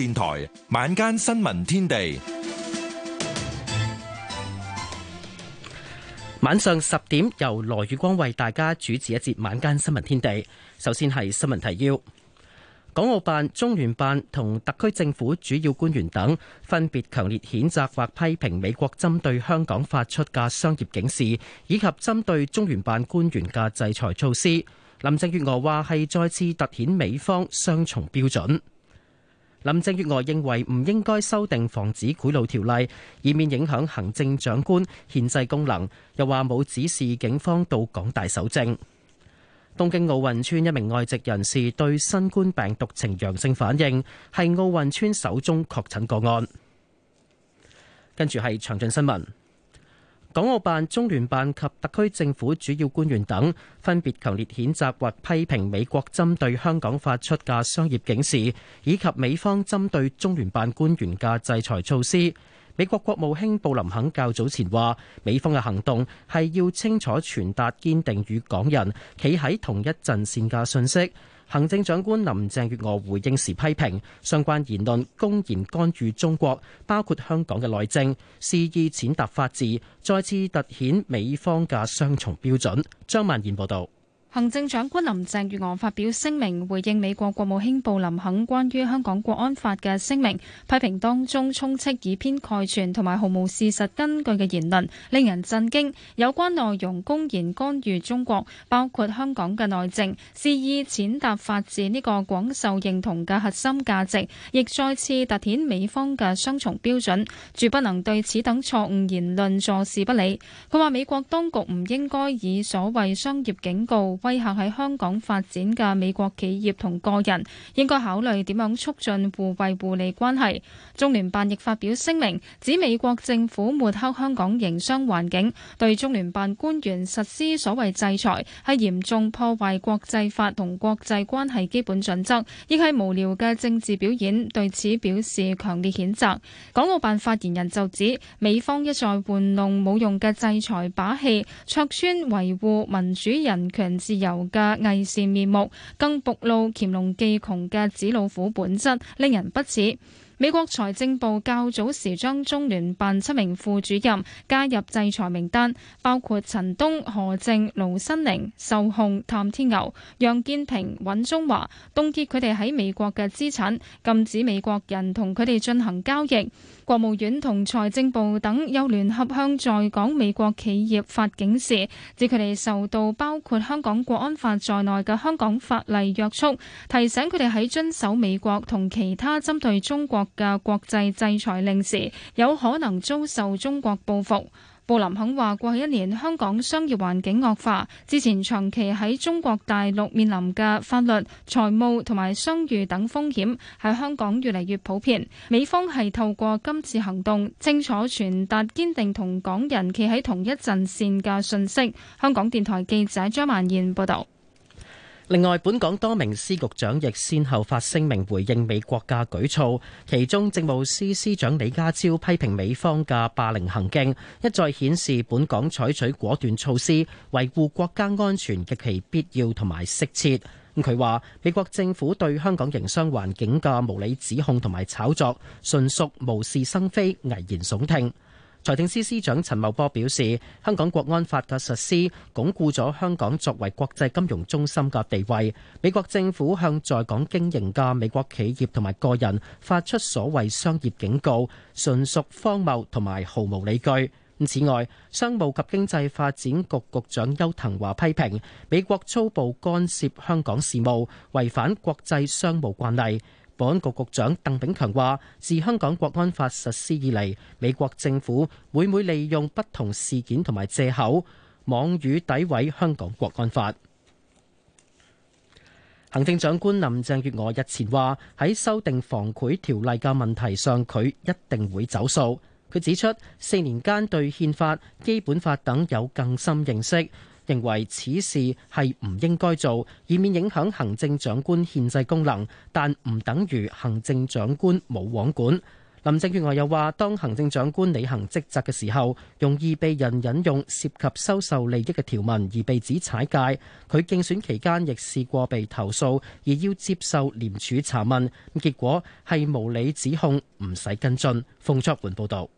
電台晚間新聞天地，晚上十點由羅宇光為大家主持一節晚間新聞天地。首先係新聞提要：港澳辦、中聯辦同特區政府主要官員等分別強烈譴責或批評美國針對香港發出嘅商業警示，以及針對中聯辦官員嘅制裁措施。林鄭月娥話係再次凸顯美方雙重標準。林鄭月娥認為唔應該修訂防止賄賂條例，以免影響行政長官憲制功能。又話冇指示警方到港大搜證。東京奧運村一名外籍人士對新冠病毒呈陽性反應，係奧運村首宗確診個案。跟住係詳盡新聞。港澳辦、中聯辦及特區政府主要官員等分別強烈譴責或批評美國針對香港發出嘅商業警示，以及美方針對中聯辦官員嘅制裁措施。美國國務卿布林肯較早前話，美方嘅行動係要清楚傳達堅定與港人企喺同一陣線嘅信息。行政長官林鄭月娥回應時批評相關言論公然干預中國，包括香港嘅內政，肆意踐踏法治，再次突顯美方嘅雙重標準。張曼燕報道。行政長官林鄭月娥發表聲明，回應美國國務卿布林肯關於香港國安法嘅聲明，批評當中充斥以偏概全同埋毫無事實根據嘅言論，令人震驚。有關內容公然干預中國，包括香港嘅內政，肆意踐踏法治呢個廣受認同嘅核心價值，亦再次凸顯美方嘅雙重標準，絕不能對此等錯誤言論坐視不理。佢話：美國當局唔應該以所謂商業警告。威嚇喺香港發展嘅美國企業同個人，應該考慮點樣促進互惠互利關係，中聯辦亦發表聲明，指美國政府抹黑香港營商環境，對中聯辦官員實施所謂制裁，係嚴重破壞國際法同國際關係基本準則，亦係無聊嘅政治表演，對此表示強烈譴責。港澳辦發言人就指，美方一再玩弄冇用嘅制裁把戲，戳穿維護民主、人權、自由嘅偽善面目，更暴露黔驢技窮嘅紙老虎本質，令人不齒。美國財政部較早時將中聯辦七名副主任加入制裁名單，包括陳冬、何靖、盧新寧、仇鴻、譚鐵牛、楊建平、尹宗華，凍結佢哋喺美國嘅資產，禁止美國人同佢哋進行交易。國務院同財政部等又聯合向在港美國企業發警示，指佢哋受到包括香港國安法在內嘅香港法例約束，提醒佢哋喺遵守美國同其他針對中國嘅國際制裁令時，有可能遭受中國報復。布林肯話：過去一年，香港商業環境惡化，之前長期喺中國大陸面臨嘅法律、財務同埋商譽等風險喺香港越嚟越普遍。美方係透過今次行動，清楚傳達堅定同港人企喺同一陣線嘅信息。香港電台記者張曼燕報道。另外，本港多名司局長亦先後發聲明回應美國嘅舉措，其中政務司司長李家超批評美方嘅霸凌行徑，一再顯示本港採取果斷措施維護國家安全極其必要同埋適切。佢話，美國政府對香港營商環境嘅無理指控同埋炒作，純屬無事生非、危言聳聽。財政司司長陳茂波表示，香港國安法嘅實施鞏固咗香港作為國際金融中心嘅地位。美國政府向在港經營嘅美國企業同埋個人發出所謂商業警告，純屬荒謬同埋毫無理據。此外，商務及經濟發展局局長邱騰華批評美國粗暴干涉香港事務，違反國際商務慣例。保安局局長鄧炳強話：自香港國安法實施以嚟，美國政府每每利用不同事件同埋借口網語詆毀香港國安法。行政長官林鄭月娥日前話，喺修訂防賄條例嘅問題上，佢一定會走數。佢指出，四年間對憲法、基本法等有更深認識。認為此事係唔應該做，以免影響行政長官憲制功能，但唔等於行政長官冇王管。林鄭月娥又話：當行政長官履行職責嘅時候，容易被人引用涉及收受利益嘅條文而被指踩界。佢競選期間亦試過被投訴，而要接受廉署查問，咁結果係無理指控，唔使跟進。馮卓桓報道。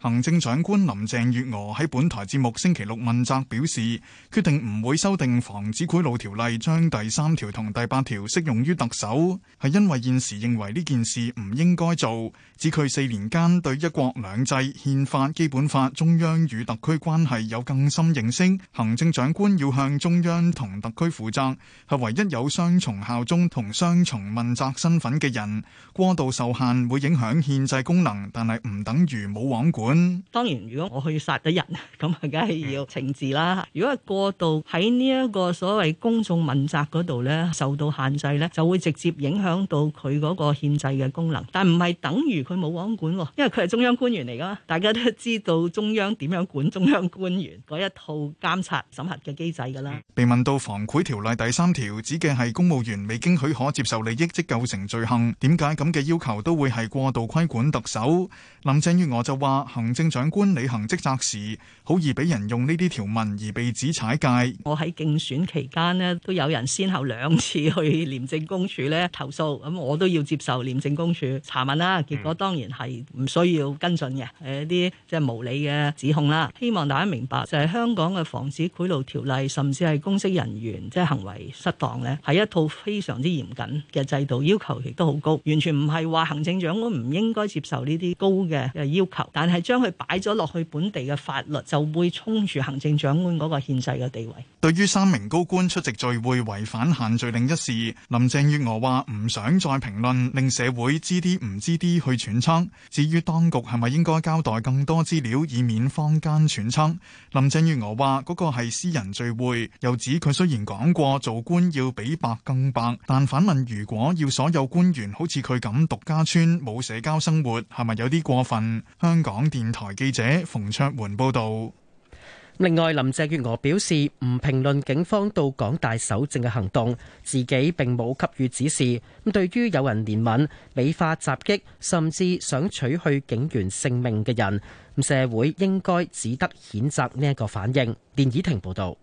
行政長官林鄭月娥喺本台節目星期六問責表示，決定唔會修訂《防止賄賂條例》，將第三條同第八條適用於特首，係因為現時認為呢件事唔應該做。指佢四年間對一國兩制、憲法、基本法、中央與特區關係有更深認識，行政長官要向中央同特區負責，係唯一有雙重效忠同雙重問責身份嘅人。過度受限會影響憲制功能，但係唔等如冇王管。當然，如果我去殺咗人，咁啊，梗係要懲治啦。如果係過度喺呢一個所謂公眾問責嗰度咧，受到限制咧，就會直接影響到佢嗰個憲制嘅功能。但唔係等於佢冇枉管，因為佢係中央官員嚟噶，大家都知道中央點樣管中央官員嗰一套監察審核嘅機制噶啦。被問到《防賄條例》第三條指嘅係公務員未經許可接受利益即構成罪行，點解咁嘅要求都會係過度規管特首？林鄭月娥就話。行政長官履行職責時，好易俾人用呢啲條文而被指踩界。我喺競選期間呢，都有人先後兩次去廉政公署咧投訴，咁、嗯、我都要接受廉政公署查問啦。結果當然係唔需要跟進嘅，係一啲即係無理嘅指控。啦希望大家明白，就係、是、香港嘅防止賄賂條例，甚至係公職人員即係、就是、行為失當呢係一套非常之嚴謹嘅制度，要求亦都好高，完全唔係話行政長官唔應該接受呢啲高嘅要求，但係。將佢擺咗落去本地嘅法律，就會衝住行政長官嗰個憲制嘅地位。對於三名高官出席聚會違反限聚令一事，林鄭月娥話唔想再評論，令社會知啲唔知啲去揣測。至於當局係咪應該交代更多資料，以免坊間揣測？林鄭月娥話嗰個係私人聚會，又指佢雖然講過做官要比白更白，但反問如果要所有官員好似佢咁獨家村冇社交生活，係咪有啲過分？香港電台記者馮卓桓報道。另外，林鄭月娥表示，唔評論警方到港大搜證嘅行動，自己並冇給予指示。咁對於有人憐憫、美化襲擊，甚至想取去警員性命嘅人，社會應該只得譴責呢一個反應。連綺婷報道。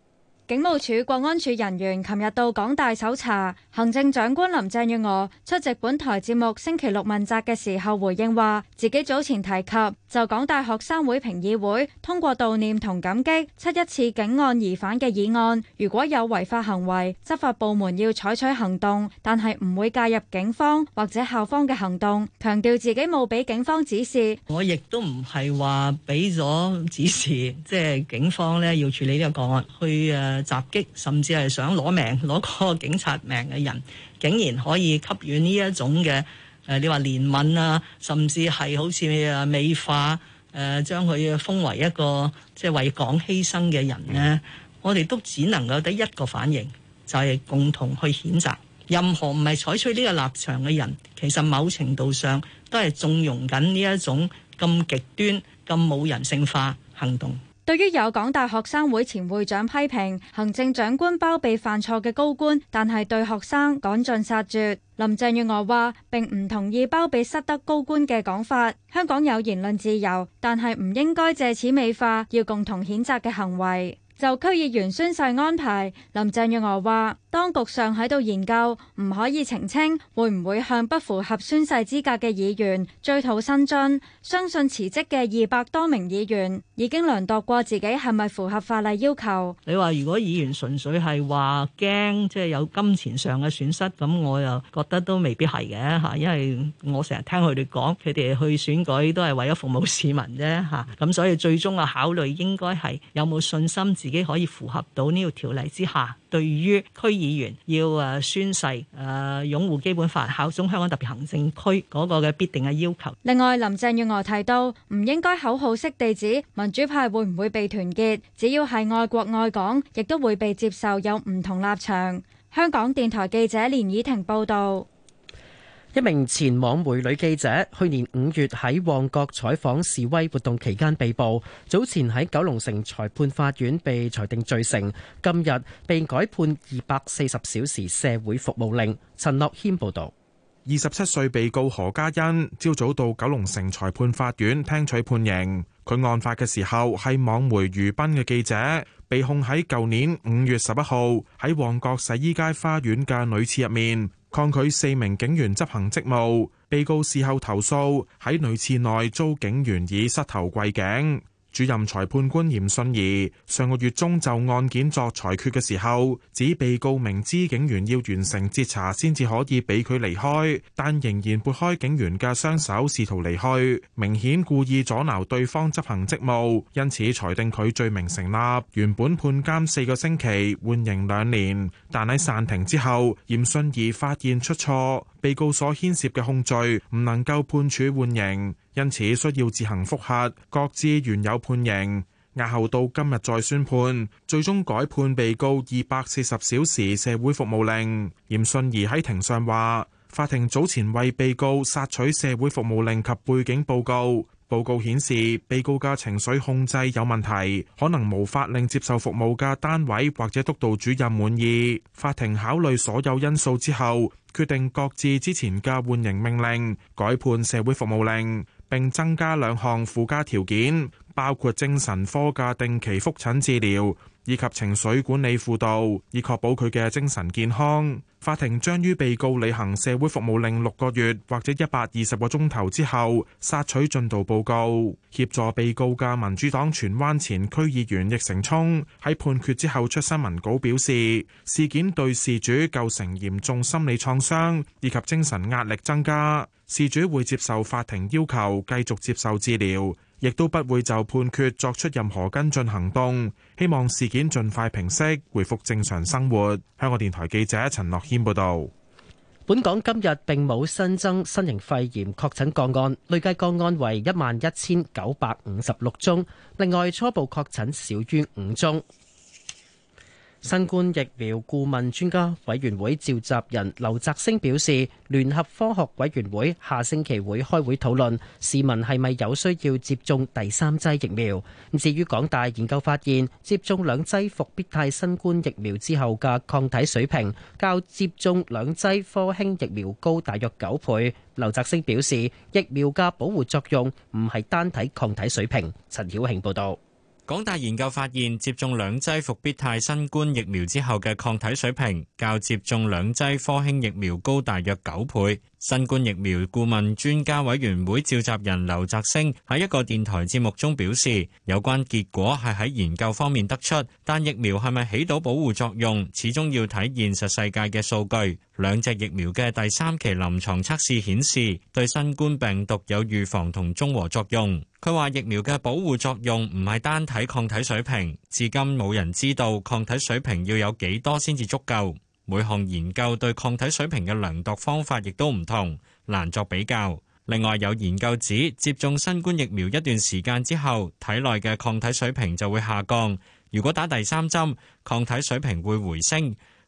警務處國安處人員琴日到港大搜查，行政長官林鄭月娥出席本台節目《星期六問責》嘅時候回應話，自己早前提及就港大學生會評議會通過悼念同感激七一次警案疑犯嘅議案，如果有違法行為，執法部門要採取行動，但係唔會介入警方或者校方嘅行動，強調自己冇俾警方指示，我亦都唔係話俾咗指示，即係警方呢要處理呢個個案去誒。襲擊甚至係想攞命攞個警察命嘅人，竟然可以給予呢一種嘅誒、呃，你話憐憫啊，甚至係好似美化誒，將、呃、佢封為一個即係、就是、為港犧牲嘅人呢。嗯、我哋都只能夠得一個反應，就係、是、共同去譴責任何唔係採取呢個立場嘅人，其實某程度上都係縱容緊呢一種咁極端、咁冇人性化行動。對於有港大學生會前會長批評行政長官包庇犯錯嘅高官，但係對學生趕盡殺絕，林鄭月娥話並唔同意包庇失德高官嘅講法。香港有言論自由，但係唔應該借此美化要共同譴責嘅行為。就區議員宣誓安排，林鄭月娥話當局上喺度研究，唔可以澄清會唔會向不符合宣誓資格嘅議員追討薪津。相信辭職嘅二百多名議員已經量度過自己係咪符合法例要求。你話如果議員純粹係話驚，即係有金錢上嘅損失，咁我又覺得都未必係嘅吓，因為我成日聽佢哋講，佢哋去選舉都係為咗服務市民啫吓，咁所以最終啊考慮應該係有冇信心，自己可以符合到呢個條例之下，對於區議員要誒宣誓，誒擁護基本法，效忠香港特別行政區嗰個嘅必定嘅要求。另外，林鄭月娥提到，唔應該口號式地址民主派會唔會被團結，只要係愛國愛港，亦都會被接受。有唔同立場。香港電台記者連倚婷報道。一名前網媒女記者去年五月喺旺角採訪示威活動期間被捕，早前喺九龍城裁判法院被裁定罪成，今日被改判二百四十小時社會服務令。陳樂謙報道。二十七歲被告何嘉欣，朝早到九龍城裁判法院聽取判刑。佢案發嘅時候係網媒娛賓嘅記者，被控喺舊年五月十一號喺旺角洗衣街花園嘅女廁入面。抗拒四名警員執行職務，被告事後投訴喺女廁內遭警員以膝頭跪頸。主任裁判官嚴信儀上個月中就案件作裁決嘅時候，指被告明知警員要完成截查先至可以俾佢離開，但仍然撥開警員嘅雙手試圖離去，明顯故意阻撓對方執行職務，因此裁定佢罪名成立。原本判監四個星期，緩刑兩年，但喺散庭之後，嚴信儀發現出錯，被告所牽涉嘅控罪唔能夠判處緩刑。因此需要自行複核，各自原有判刑，押後到今日再宣判，最終改判被告二百四十小時社會服務令。嚴順儀喺庭上話，法庭早前為被告索取社會服務令及背景報告，報告顯示被告嘅情緒控制有問題，可能無法令接受服務嘅單位或者督導主任滿意。法庭考慮所有因素之後，決定擱置之前嘅換刑命令，改判社會服務令。並增加兩項附加條件，包括精神科嘅定期復診治療。以及情緒管理輔導，以確保佢嘅精神健康。法庭將於被告履行社會服務令六個月或者一百二十個鐘頭之後，索取進度報告。協助被告嘅民主黨荃灣前區議員易成聰喺判決之後出新聞稿表示，事件對事主構成嚴重心理創傷以及精神壓力增加，事主會接受法庭要求繼續接受治療。亦都不會就判決作出任何跟進行動，希望事件盡快平息，回復正常生活。香港電台記者陳樂謙報導。本港今日並冇新增新型肺炎確診個案，累計個案為一萬一千九百五十六宗，另外初步確診少於五宗。新冠疫苗顧問專家委員會召集人劉澤星表示，聯合科學委員會下星期會開會討論市民係咪有需要接種第三劑疫苗。咁至於港大研究發現，接種兩劑復必泰新冠疫苗之後嘅抗體水平，較接種兩劑科興疫苗高大約九倍。劉澤星表示，疫苗嘅保護作用唔係單睇抗體水平。陳曉慶報導。港大研究發現，接種兩劑復必泰新冠疫苗之後嘅抗體水平，較接種兩劑科興疫苗高大約九倍。新冠疫苗顧問專家委員會召集人劉澤星喺一個電台節目中表示，有關結果係喺研究方面得出，但疫苗係咪起到保護作用，始終要睇現實世界嘅數據，兩隻疫苗嘅第三期臨牀測試顯示，對新冠病毒有預防同中和作用。佢話疫苗嘅保護作用唔係單體抗體水平，至今冇人知道抗體水平要有幾多先至足夠。每項研究對抗體水平嘅量度方法亦都唔同，難作比較。另外，有研究指，接種新冠疫苗一段時間之後，體內嘅抗體水平就會下降。如果打第三針，抗體水平會回升。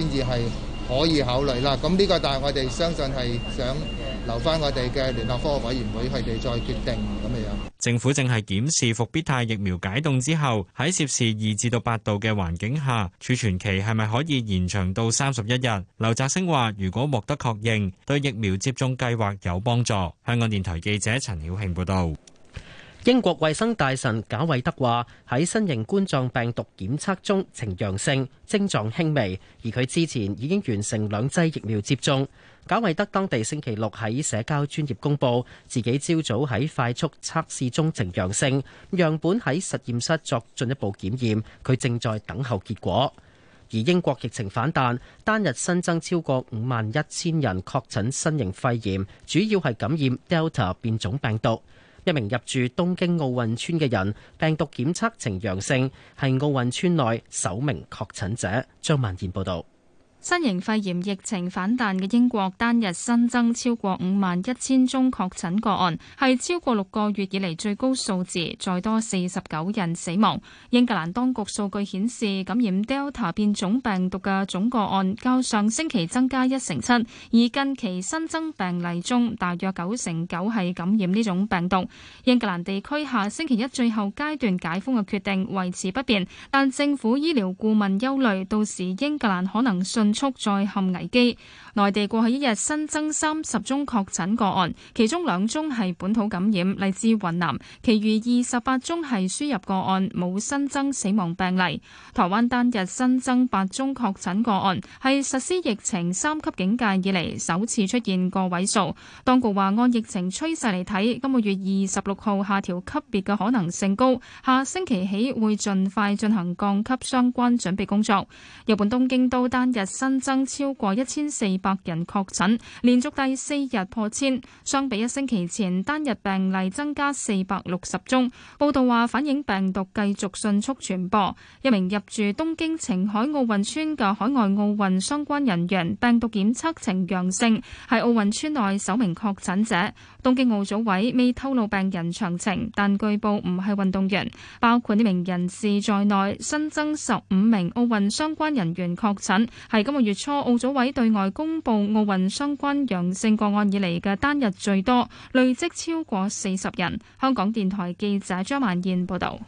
先至係可以考慮啦。咁呢個但係我哋相信係想留翻我哋嘅聯合科學委員會，佢哋再決定咁樣樣。政府正係檢視復必泰疫苗解凍之後，喺攝氏二至到八度嘅環境下，儲存期係咪可以延長到三十一日？劉澤星話，如果獲得確認對疫苗接種計劃有幫助。香港電台記者陳曉慶報道。英國衛生大臣賈偉德話喺新型冠狀病毒檢測中呈陽性，症狀輕微，而佢之前已經完成兩劑疫苗接種。賈偉德當地星期六喺社交專頁公布，自己朝早喺快速測試中呈陽性，樣本喺實驗室作進一步檢驗，佢正在等候結果。而英國疫情反彈，單日新增超過五萬一千人確診新型肺炎，主要係感染 Delta 變種病毒。一名入住東京奧運村嘅人，病毒檢測呈陽性，係奧運村內首名確診者。張萬賢報導。新型肺炎疫情反彈嘅英國單日新增超過五萬一千宗確診個案，係超過六個月以嚟最高數字，再多四十九人死亡。英格蘭當局數據顯示，感染 Delta 變種病毒嘅總個案較上星期增加一成七，而近期新增病例中，大約九成九係感染呢種病毒。英格蘭地區下星期一最後階段解封嘅決定維持不變，但政府醫療顧問憂慮，到時英格蘭可能信。迅速再陷危機。內地過去一日新增三十宗確診個案，其中兩宗係本土感染，嚟自雲南，其餘二十八宗係輸入個案，冇新增死亡病例。台灣單日新增八宗確診個案，係實施疫情三級警戒以嚟首次出現個位數。當局話按疫情趨勢嚟睇，今個月二十六號下調級別嘅可能性高，下星期起會盡快進行降級相關準備工作。日本東京都單日新增超過一千四百百人確診，連續第四日破千，相比一星期前單日病例增加四百六十宗。報道話，反映病毒繼續迅速傳播。一名入住東京晴海奧運村嘅海外奧運相關人員病毒檢測呈陽性，係奧運村內首名確診者。東京奧組委未透露病人詳情，但據報唔係運動員，包括呢名人士在內新增十五名奧運相關人員確診，係今個月初奧組委對外公公布奧運相關陽性個案以嚟，嘅單日最多，累積超過四十人。香港電台記者張萬燕報道。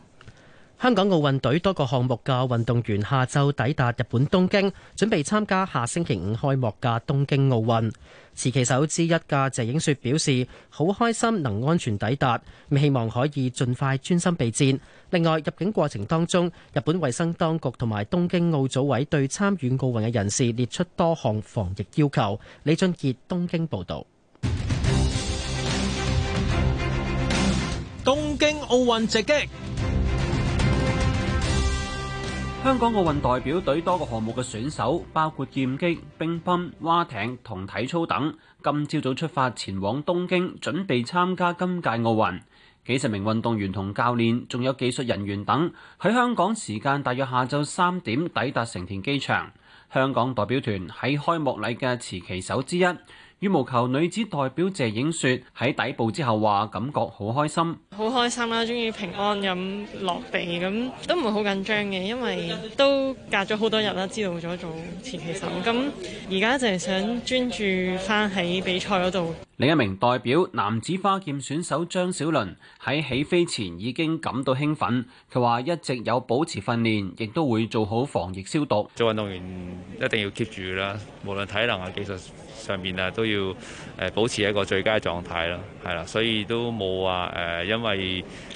香港奧運隊多個項目嘅運動員下晝抵達日本東京，準備參加下星期五開幕嘅東京奧運。持旗手之一嘅謝影雪表示，好開心能安全抵達，希望可以盡快專心備戰。另外，入境過程當中，日本衛生當局同埋東京奧組委對參與奧運嘅人士列出多項防疫要求。李俊杰東京報道。東京奧運直擊。香港奧運代表隊多個項目嘅選手，包括劍擊、乒乓、蛙艇同體操等，今朝早出發前往東京，準備參加今屆奧運。幾十名運動員同教練，仲有技術人員等，喺香港時間大約下晝三點抵達成田機場。香港代表團喺開幕禮嘅持旗手之一。羽毛球女子代表謝影雪喺抵埗之後話感覺好開心，好開心啦！終於平安咁落地咁，都唔會好緊張嘅，因為都隔咗好多日啦，知道咗做前期審咁，而家就係想專注翻喺比賽嗰度。另一名代表男子花劍選手張小倫喺起飛前已經感到興奮，佢話一直有保持訓練，亦都會做好防疫消毒。做運動員一定要 keep 住啦，無論體能啊技術。上面啊都要誒保持一個最佳狀態咯，係啦，所以都冇話誒，因為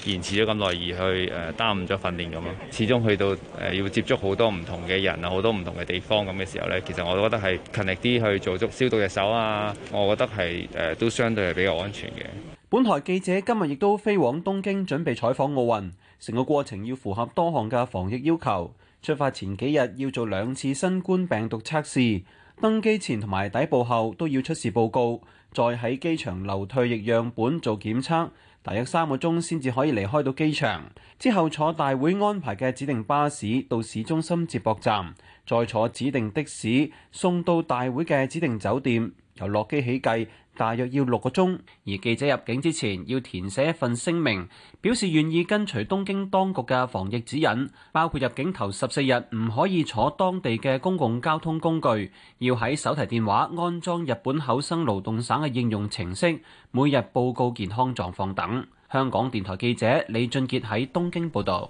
延遲咗咁耐而去誒耽誤咗訓練咁咯。始終去到誒要接觸好多唔同嘅人啊，好多唔同嘅地方咁嘅時候呢，其實我覺得係勤力啲去做足消毒嘅手啊，我覺得係誒都相對係比較安全嘅。本台記者今日亦都飛往東京，準備採訪奧運，成個過程要符合多項嘅防疫要求。出發前幾日要做兩次新冠病毒測試。登機前同埋抵埗後都要出示報告，再喺機場留唾液樣本做檢測，大約三個鐘先至可以離開到機場。之後坐大會安排嘅指定巴士到市中心接駁站，再坐指定的士送到大會嘅指定酒店。由落機起計，大約要六個鐘，而記者入境之前要填寫一份聲明，表示願意跟隨東京當局嘅防疫指引，包括入境頭十四日唔可以坐當地嘅公共交通工具，要喺手提電話安裝日本厚生勞動省嘅應用程式，每日報告健康狀況等。香港電台記者李俊杰喺東京報道。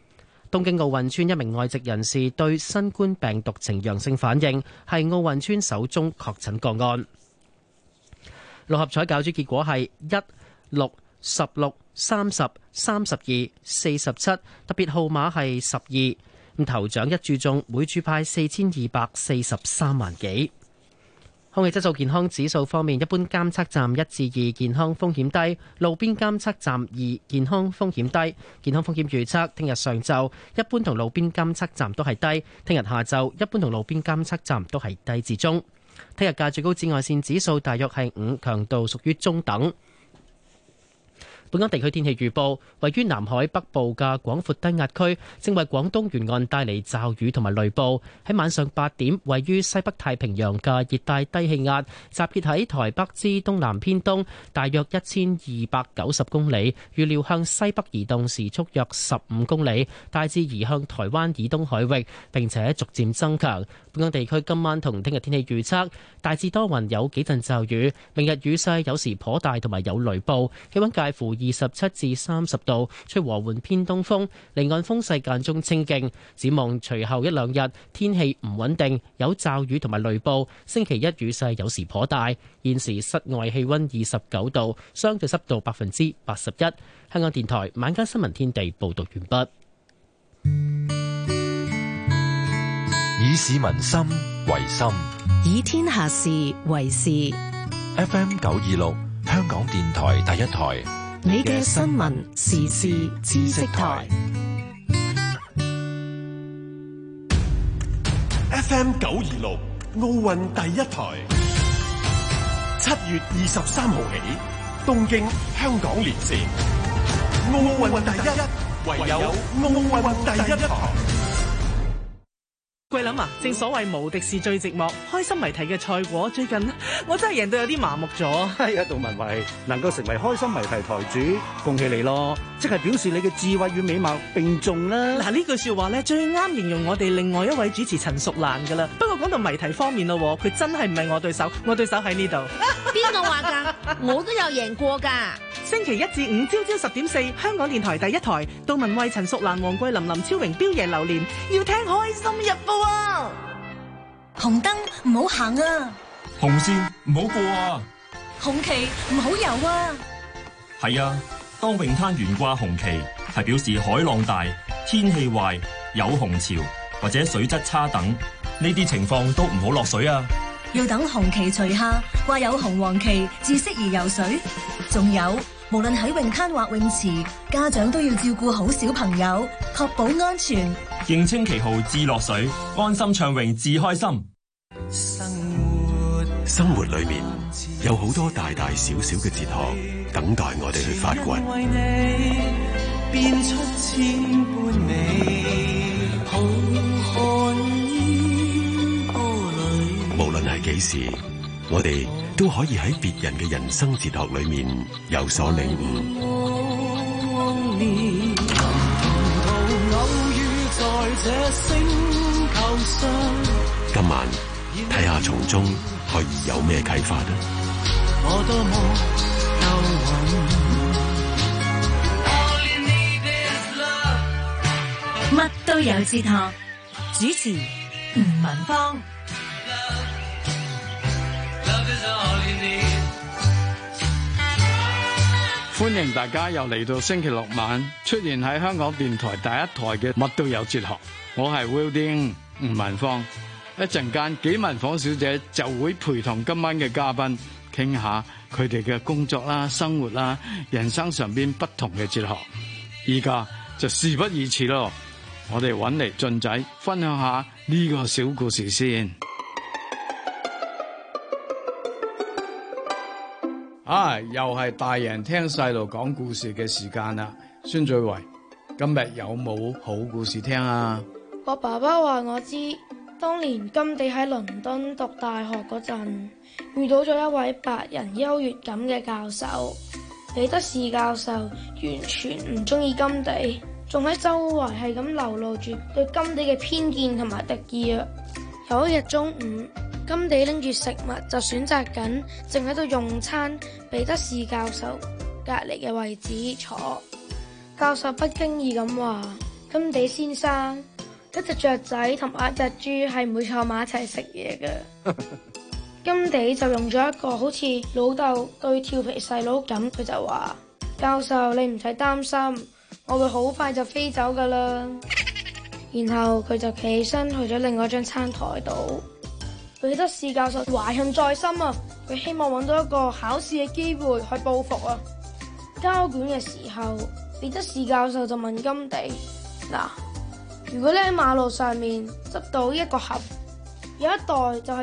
東京奧運村一名外籍人士對新冠病毒呈陽性反應，係奧運村首宗確診個案。六合彩攪珠結果係一六十六三十三十二四十七，特別號碼係十二。咁頭獎一注中，每注派四千二百四十三萬幾。空氣質素健康指數方面，一般監測站一至二，健康風險低；路邊監測站二，健康風險低。健康風險預測：聽日上晝一般同路邊監測站都係低；聽日下晝一般同路邊監測站都係低至中。聽日嘅最高紫外線指數大約係五，強度屬於中等。本港地區天氣預報，位於南海北部嘅廣闊低壓區正為廣東沿岸帶嚟驟雨同埋雷暴。喺晚上八點，位於西北太平洋嘅熱帶低氣壓集結喺台北之東南偏東，大約一千二百九十公里，預料向西北移動，時速約十五公里，大致移向台灣以東海域，並且逐漸增強。本港地區今晚同聽日天氣預測大致多雲，有幾陣驟雨。明日雨勢有時頗大，同埋有雷暴，氣温介乎二十七至三十度，吹和緩偏東風，離岸風勢間中清勁。展望隨後一兩日天氣唔穩定，有驟雨同埋雷暴。星期一雨勢有時頗大。現時室外氣温二十九度，相對濕度百分之八十一。香港電台晚間新聞天地報道完畢。以市民心為心，以天下事為事。F.M. 九二六，香港電台第一台。你嘅新聞時事知識台，FM 九二六奧運第一台，七月二十三號起，東京香港連線，奧運第一，唯有奧運第一台。桂林啊，正所謂無敵是最寂寞，開心謎題嘅賽果最近我真係贏到有啲麻木咗。係啊，杜文慧能夠成為開心謎題台主，恭喜你咯！即係表示你嘅智慧與美貌並重啦，啊。嗱，啊，句呢句說話咧最啱形容我哋另外一位主持陳淑蘭噶啦。不過講到謎題方面咯，佢真係唔係我對手，我對手喺呢度。邊個話噶？ 我都有贏過噶。星期一至五朝朝十點四，香港電台第一台，杜文慧、陳淑蘭、黃桂林，林，林、林超榮、標爺流連，要聽開心日報。哇、wow!！紅燈唔好行啊，紅線唔好過啊，紅旗唔好游啊。係啊，當泳灘懸掛紅旗，係表示海浪大、天氣壞、有紅潮或者水質差等，呢啲情況都唔好落水啊。要等紅旗除下，掛有紅黃旗至適宜游水。仲有。無論喺泳灘或泳池，家長都要照顧好小朋友，確保安全。認清旗號，至落水，安心暢泳，至開心。生活生活，裏面有好多大大小小嘅哲學，等待我哋去發掘。無論係幾時。我哋都可以喺別人嘅人生哲學裏面有所領悟。今晚睇下從中可以有咩啟發呢？乜都有哲學，主持吳文芳。歡迎大家又嚟到星期六晚出現喺香港電台第一台嘅《乜都有哲學》，我係 Willing 吳文芳。一陣間，紀文鳳小姐就會陪同今晚嘅嘉賓傾下佢哋嘅工作啦、生活啦、人生上邊不同嘅哲學。依家就事不宜遲咯，我哋揾嚟俊仔分享下呢個小故事先。唉、啊，又係大人聽細路講故事嘅時間啦，孫最為今日有冇好故事聽啊？我爸爸話我知，當年甘地喺倫敦讀大學嗰陣，遇到咗一位白人優越感嘅教授，彼得士教授完全唔中意甘地，仲喺周圍係咁流露住對甘地嘅偏見同埋敵意啊！有一日中午。甘地拎住食物就選擇緊，正喺度用餐。彼得士教授隔籬嘅位置坐，教授不經意咁話：甘地先生，一隻雀仔同埋一隻豬係唔會坐埋一齊食嘢嘅。甘 地就用咗一個好似老豆對調皮細佬咁，佢就話：教授，你唔使擔心，我會好快就飛走噶啦。然後佢就企起身去咗另外一張餐台度。貝德士教授懷恨在心啊！佢希望搵到一個考試嘅機會去報復啊！交卷嘅時候，貝德士教授就問金地：嗱，如果你喺馬路上面執到一個盒，有一袋就係、是。